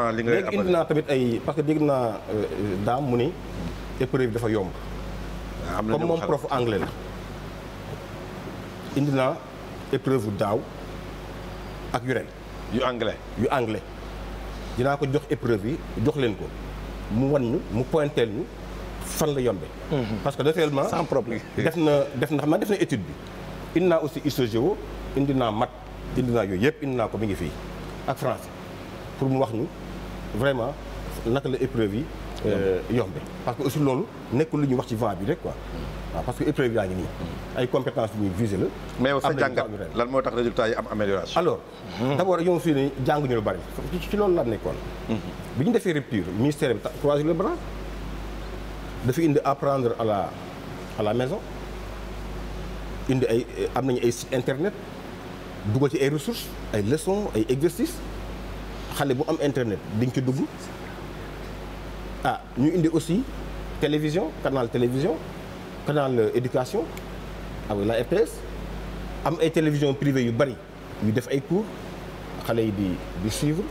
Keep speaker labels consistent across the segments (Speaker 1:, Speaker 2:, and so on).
Speaker 1: Ah, li ngay indi naa tamit ay parce que dégg naa euh, daam mu ni épreuve dafa yomb. Ah, comme moom prof anglais la. indi naa épreuve daaw ak yu ren. yu anglais yu anglais. dinaa ko jox épreuve yi jox leen ko mu wan ñu mu pointeel ñu fan la yombe mhm. parce que naturellement sans problème def na def na xam naa def étude bi. indi naa aussi histoire géo indi naa maths indi naa yooyu yëpp indi naa ko mi ngi fii ak français. pour mu wax ñu vraiment naka la épreuve yi euh, yombe parce que aussi loolu nekkul lu ñu wax ci vent bi rek quoi waaw parce que épreuve yaa ngi nii ay compétence yu ñuy visé la mais yow sa jàngat lan moo tax résultat yi am amélioration alors hmm. d' abord ñoom fii ne jànguñu lu ci loolu laa nekkoon hmm. bi ñu defee rupture ministère bi le bras indi à la à la maison indi ay am nañu ay internet dugal ci ay ressources ay leçons ay exercices xale bu am internet di nga ci dugg ah ñu indi aussi télévision canal télévision canal euh, éducation avec ah la am ay télévision privée yu bari yu def ay cours xale yi di di suivre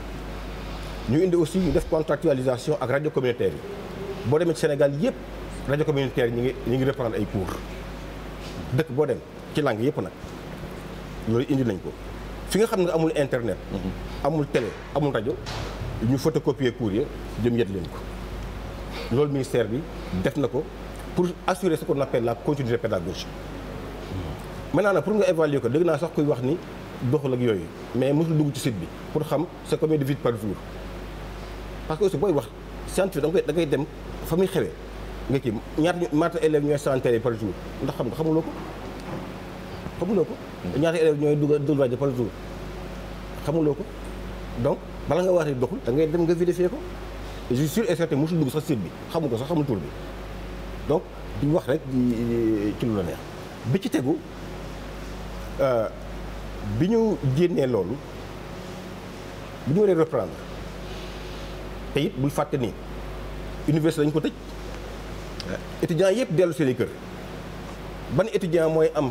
Speaker 1: ñu indi aussi ñu def contractualisation ak rajo communautaire yi boo demee ci Sénégal yëpp rajo communautaire ñi ngi ñu ngi reprendre ay cours dëkk boo dem ci langue yëpp nag loolu indi nañ ko fi nga xam ne amul internet. amul télé amul rajo ñu photocopier courrier jëm yet leen ko loolu ministère bi def na ko pour assurer ce qu'on appelle la continuité man naa nag pour nga évaluer ko dégg naa sax kuy wax ni doxul ak yooyu mais mosul dugg ci site bi pour xam c'est combien de visites par jour parce que aussi booy wax scientifique da nga koy da ngay dem fa muy xewee nga kii ñaata ñaata élèves ñooy santé par jour ndax xam nga xamuloo ko xamuloo ko. ñaata élèves ñooy dugal dugal rajo par jour xamuloo ko donc bala nga wax ni doxul da ngay dem nga vérifier ko je suis sûr et certain dugg sax site bi xamu ko sax xamul tur bi donc di wax rek ci lu la neex bi ci tegu euh, bi ñu génnee loolu bi ñu waree reprendre te it bul fàtte ni université dañ ko tëj étudiants yëpp dellu seen kër ban étudiant mooy am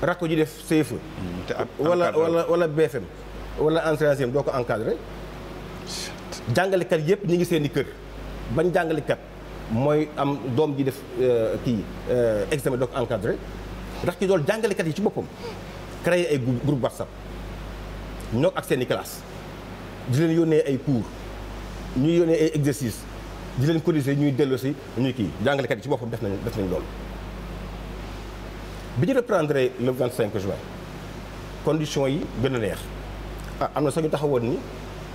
Speaker 1: rakk ji def CFE. Mm, te wala wala wala BFM wala en doo ko encadré. jàngalekat yëpp ñu ngi seen i kër bañ jàngalekat mooy am doom ji def euh, kii euh, examen doo ko encadré ndax ci dool jàngalekat yi ci boppam créé ay groupe WhatsApp ñoo ak seeni i classe di leen yónnee ay cours ñuy yónnee ay exercices di leen corriger ñuy dellu si ñuy kii jàngalekat yi ci boppam def nañu def nañ loolu. bi ñu reprendre le cinq join conditions yi gën a neex ah, am na sax ñu taxawoon ni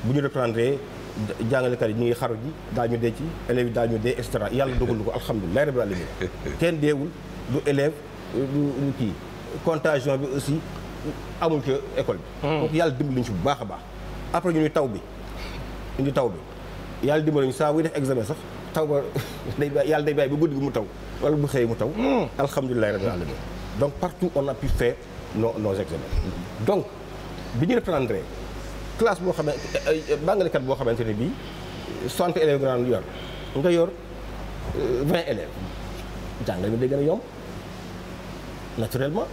Speaker 1: bu ñu reprendre jàngalekat yi ñu ngi xaru ji ñu dee ci élèves yi daañu dee et cetera yàlla dogalu ko alhamdulilah rabbil alamin kenn deewul du élève du kii contagion bi aussi amul ci école bi. Hmm. donc yàlla dimbali ñu ci bu baax a baax. après ñu ni taw bi ñu taw bi yàlla dimbali ñu saa wuy def examen sax taw ba day yàlla day bàyyi ba guddi gi mu taw wala bu xëyee mu taw. Hmm. alhamdulilah rabbil alamin donc partout on a pu faire nos nos examens mm-hmm. donc bi ñu reprendre classe boo xamee euh, ay bàngalekat boo xamante ne bii soixante élèves nga daan yor nga yor euh, vingt élèves jàngale bi day gën a yomb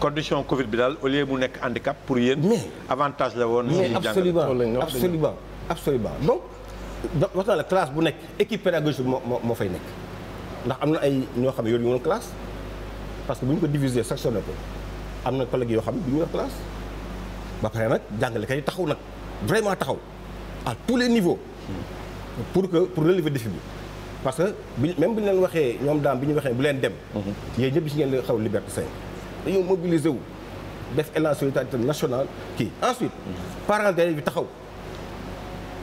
Speaker 1: condition Covid bi daal au mu nekk handicap pour yéen. mais avantage la woon. mais absolument absolument absolument donc wax naa la classe bu nekk équipe pédagogique moo moo fay nekk ndax am na ay ñoo xam ne yor yu woon classe. parce que bu ñu ko diviser sectionné ko am na collègue yoo xam ne du ñu wax classe ba pare nag jàngalekat yi taxaw nag vraiment taxaw a tous les niveaux pour que pour relever défi bi parce que bi même bu ñu leen waxee ñoom daam bi ñu waxee bu leen dem yéen ñëpp si ngeen la xaw liberté cinq dañoo mobiliser wu def élan solidarité nationale kii ensuite parents d'élèves bi taxaw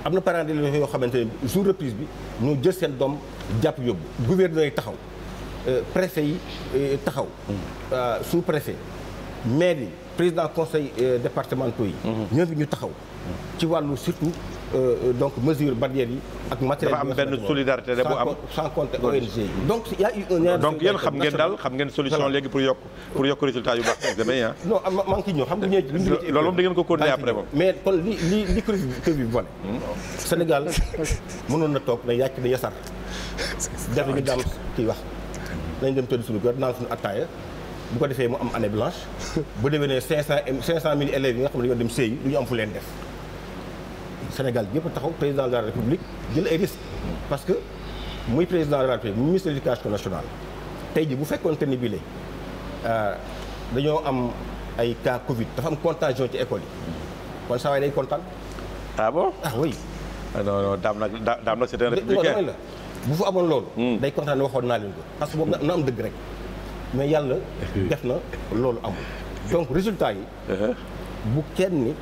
Speaker 1: am na parents d'élèves yoo xamante ne jour reprise bi ñoo jël seen doom jàpp yóbbu gouverneur yi taxaw préfet yi euh, taxaw euh, sous préfet maire yi président conseil euh, départementaux yi ñoo fi ñu taxaw ci wàllu surtout donc mesure barrières yi ak matériel dafa am benn solidarité de bu am sans compter ONG yi donc y a eu xam ngeen daal xam ngeen léegi pour yokk pour yokk résultat yu baax examen xam nga ñëw loolu moom da ngeen ko continuer après moom mais kon li li li crivité bi bone Sénégal mënoon na toog na yàcc na yasar jafe ñu daam kiy wax dañ dem tëdd suñu kër naan suñu attaaya bu ko defee mu am année blanche bu déwénee cinq cent cinq cent mille élèves yi nga xam ne dañoo dem sëy du am fu leen def Sénégal yëpp taxaw président de la république jël ay risques parce que muy président de la république ministre de l'éducation nationale tey ji bu fekkoonte ni bile euh, dañoo am ay cas Covid dafa am contagion ci école yi kon saa waay day kontaan. ah bon ah oui. Ah non daam nag daam nag c'est un républicain bu fa amoon loolu. Hmm. day kontaan waxoon naa leen ko parce que boobu na am dëgg rek mais yàlla def na loolu amul donc résultat yi. Uh-huh. bu kenn ni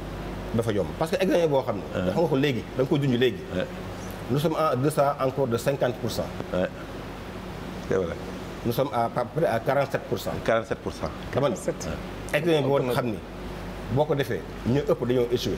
Speaker 1: dafa yomb parce que examen boo xam ne. Uh-huh. xam nga ko léegi da nga ko junj léegi. Uh-huh. nous sommes à deçà encore de cinquante pour cent. c'est vrai. nous sommes à peu près à quarante sept pour cent. quarante sept pour cent. dama ne examen boo xam ni boo ko defee ñu ëpp dañoo échoué.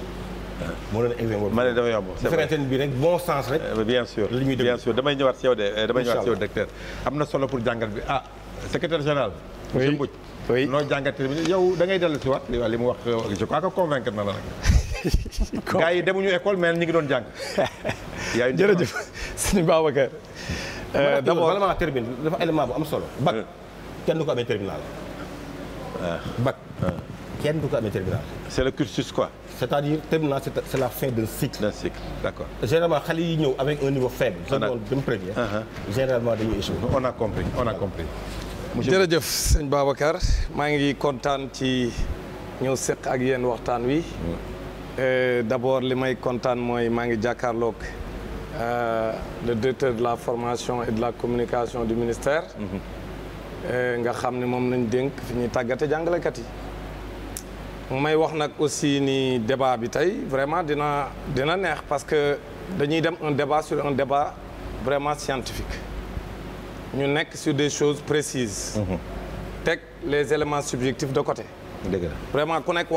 Speaker 1: moo doon exemple. ma ne dafa yomb c' est vrai différence bi rek bon sens rek. Eh, bien sûr li ñuy déglu bien sûr damay ñëwaat si yow de eh, damay ñëwaat si yow docteur. am na solo pour jàngal bi ah secrétaire général. monsieur Mbodj oui noo jàngatee bi yow da ngay dellu si waat li mu wax je crois que convaincre na la nag. gars yi demuñu école mais ñi ngi doon jàng. yaa ngi jërëjëf suñu Babacar. ka abord bala maa termine dafa élément bu am solo. bac euh. kenn du ko amee terminal. Euh. bac. Euh. kenn du ko amee terminal. c'est le cursus quoi. c'est-à-dire terminal c'est, c'est la fin d'un cycle. d'un cycle d'accord. généralement xale yi ñëw avec a seconde uh-huh. a compris on a compris. monsieur jërëjëf sëñ Babacar maa ngi kontaan ci ñëw seq ak yéen waxtaan wi. Mm. Euh, d'abord li may kontaan mooy maa ngi jàkkaarloog euh, le directeur de la formation et de la communication du ministère. Mm-hmm. Euh, nga xam ne moom nañ dénk fi ñuy tàggate jàngalekat yi. may wax nag aussi ni débat bi tey vraiment dina dina neex parce que dañuy dem un débat sur un débat vraiment scientifique ñu nekk sur des choses précises. Mhm. teg les éléments subjectifs de côté. vraiment ku nekk.